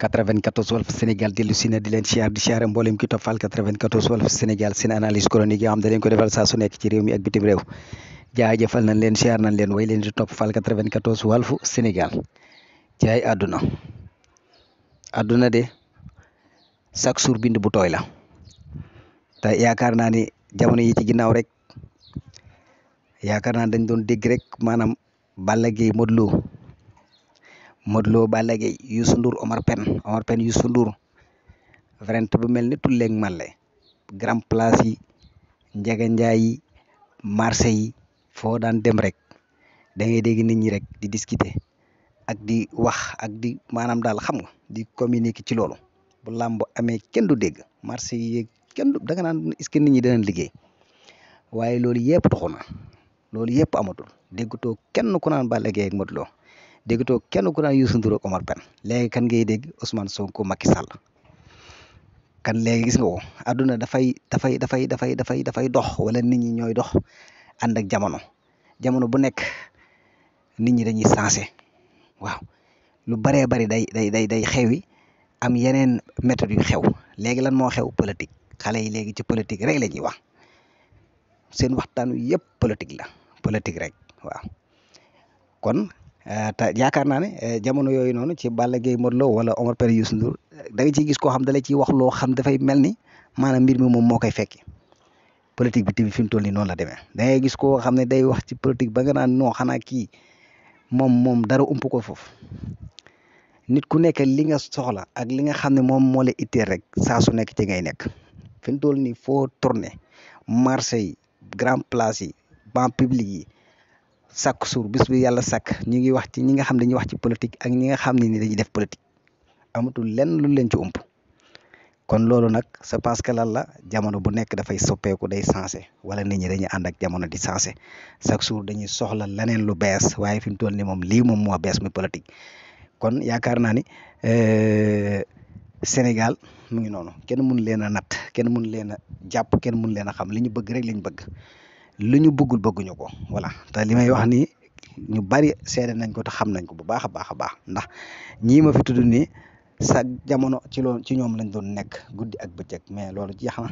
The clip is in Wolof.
94 Walf Sénégal dellu si na di leen siyaar di siyaare mboolem ki toppal 94 Walf Sénégal seen analyse chronique yoo xam dañ ko defal saa su nekk ak bitim réew jaajëfal nañ leen siyaar nañ leen way leen di topp fal 94 Walf Sénégal jaay àdduna àdduna de chaque jour bind bu tooy la te yaakaar naa ni jamono yi ci ginnaaw rek yaakaar naa dañ doon dégg rek maanaam Balla Gaye Modou Modou Lo Balla Gaye Youssou Ndour Omar Pène Omar Pène Youssou Ndour vraiment bu mel ni tu tulleeg màlle grand place yi njaganjaay yi marché yi foo daan dem rek da ngay dégg nit ñi rek di discuter ak di wax ak di maanaam daal xam nga di communiquer ci loolu bu làmb amee kenn du dégg marché yi kenn du naan est-ce que nit ñi danañ liggéey waaye loolu yëpp taxu na loolu yëpp amatul déggutoo kenn ku naan Balla Gaye ak déggatoo kenn ku naan yu Ndour ak Omar Pène léegi kan ngay dégg Ousmane ko Macky Sall kan léegi gis nga ko àdduna dafay dafay dafay dafay dafay dafay dox wala nit ñi ñooy dox ànd ak jamono jamono bu nekk nit ñi dañuy sensé waaw lu baree bari day day day day xewi am yeneen méthode yu xew léegi lan moo xew politique xale yi léegi ci politique rek la ñuy wax seen waxtaan wi yëpp politique la politique rek waaw Euh, te yaakaar naa ne euh, jamono yooyu noonu ci Balla Gaye Modou Lo wala Omar Pène Youssou Ndour euh, danga nga ciy gis ko xam da la ciy wax loo xam dafay mel ni maanaam mbir mi moom moo koy fekki politique bi tamit fi mu toll nii noonu la demee da ngay gis koo xam ne day wax ci politique ba nga naan xanaa kii moom moom dara ump ko foofu nit ku nekk li nga soxla ak li nga xam ne moom moo la itteel rek saa su nekk ci ngay nekk fi mu nii foo tourné marché yi grand place yi banc public yi. chaque jour bis bi yàlla sàkk ñu ngi wax ci ñi nga xam dañuy wax ci politique ak ñi nga xam ne ni dañuy def politique amatul leen lu leen ci ump kon loolu nag c'est parce que lan la jamono bu nekk dafay soppeeku day sensé wala nit ñi dañuy ànd ak jamono di sensé chaque jour dañuy soxla leneen lu bees waaye fi mu toll ni moom lii moom moo bees muy politique kon yaakaar naa ni euh, Sénégal mu ngi noonu kenn mun leen a natt kenn mun leen a jàpp kenn mun leen a xam li ñu bëgg rek lañ bëgg lu ñu bëggul bëgguñu ko voilà te li may wax ni ñu bari seede nañ ko ta xam nañ ko bu baax a baax a baax ndax ñii ma fi tudd nii sa jamono ci loon ci ñoom lañ doon nekk guddi ak bëccëg mais loolu jeex na